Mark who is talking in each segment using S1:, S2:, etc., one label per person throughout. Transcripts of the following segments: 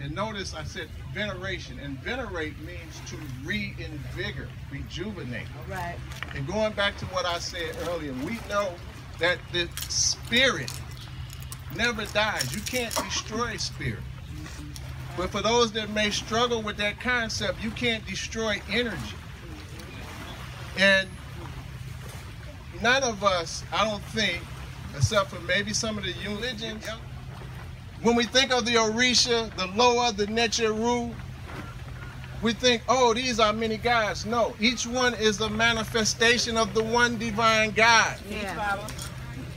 S1: And notice I said veneration, and venerate means to reinvigorate, rejuvenate. All right. And going back to what I said earlier, we know that the spirit never dies. You can't destroy spirit. But for those that may struggle with that concept, you can't destroy energy. And none of us, I don't think, except for maybe some of the religions, when we think of the Orisha, the Loa, the Netcheru, we think, oh, these are many gods. No, each one is a manifestation of the one divine God. Yeah.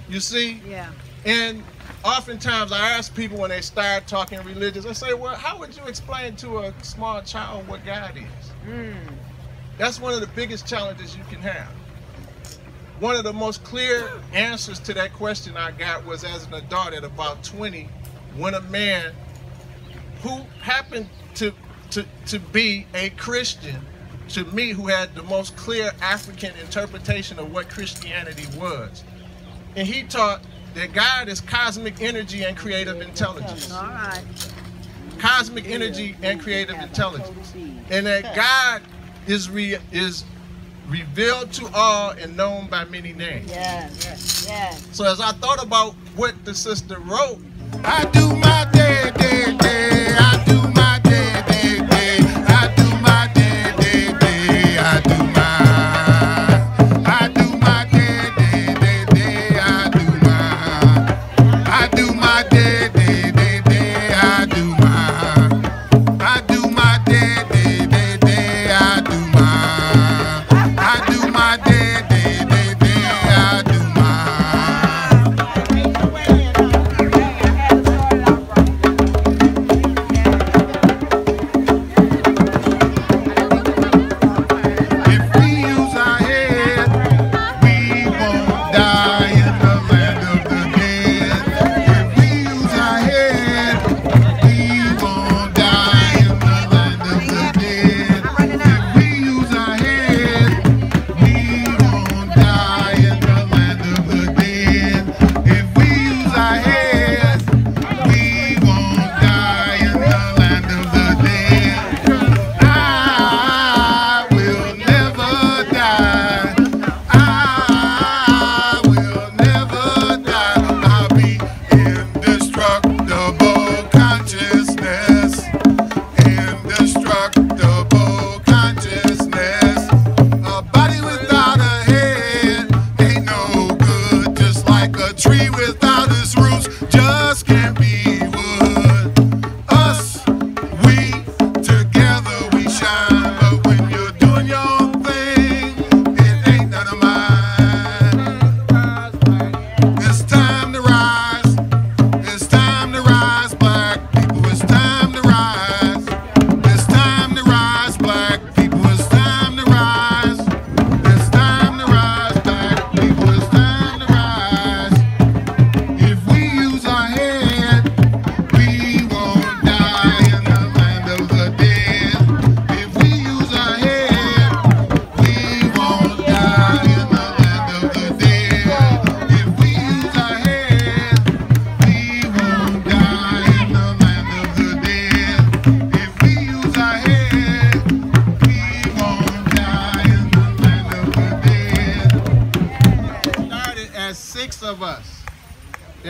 S1: You see? Yeah. And oftentimes I ask people when they start talking religious, I say, well, how would you explain to a small child what God is? Mm. That's one of the biggest challenges you can have. One of the most clear answers to that question I got was as an adult at about 20 when a man who happened to, to, to be a Christian, to me, who had the most clear African interpretation of what Christianity was. And he taught that God is cosmic energy and creative intelligence. All right. Cosmic energy and creative intelligence. And that God is re is revealed to all and known by many names. Yes,
S2: yes, yes.
S1: So as I thought about what the sister wrote, I do my
S3: day, day, day.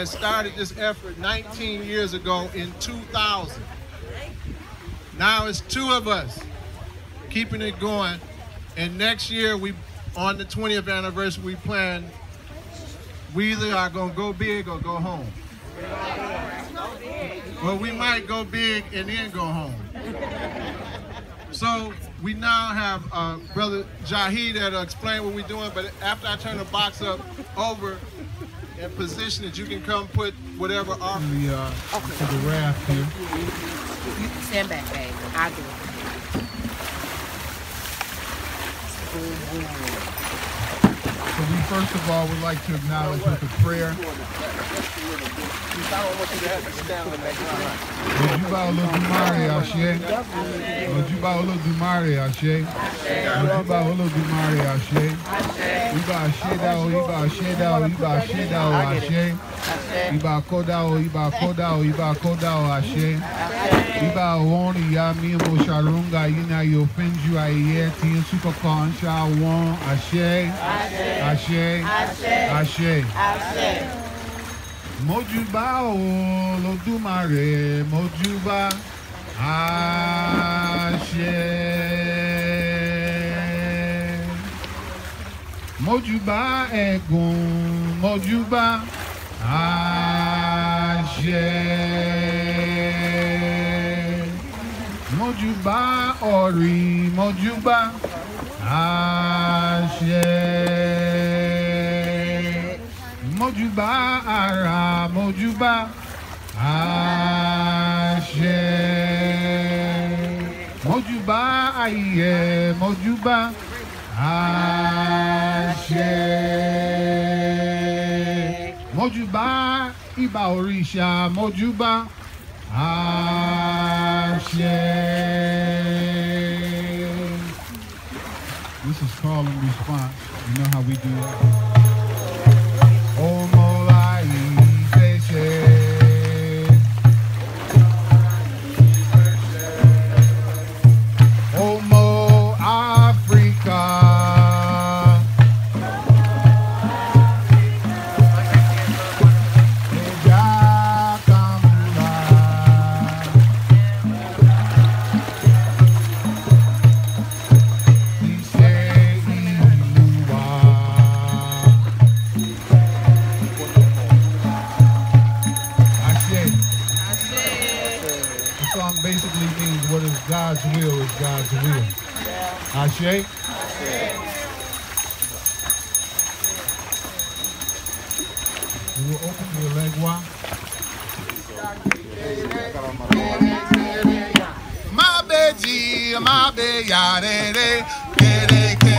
S1: that started this effort 19 years ago in 2000. Now it's two of us keeping it going. And next year, we on the 20th anniversary, we plan we either are going to go big or go home. Well, we might go big and then go home. So we now have uh, Brother Jahi that'll explain what we're doing, but after I turn the box up over, in position that you can come put whatever offer the uh, okay. to the raft here. You can stand back, babe. I do.
S2: It. So we first of all, we'd like to acknowledge with a prayer.
S1: Ìbà ìbà
S2: ìbà Ìbà wọ́n àṣẹ àṣẹ àṣẹ. mojúbà Olódùmarè mojúbà àṣẹ. mojúbà ẹ̀gùn mojúbà àṣẹ. mojúbà ọ̀rì mojúbà àṣẹ. Àmójúbà ara àmójúbà àṣẹ. Mójúbà ayé mójúbà àṣẹ. Mójúbà ìbà òrìṣà mójúbà àṣẹ. This is call and response. You know how we do it. God's will. Ashe? You
S3: will open your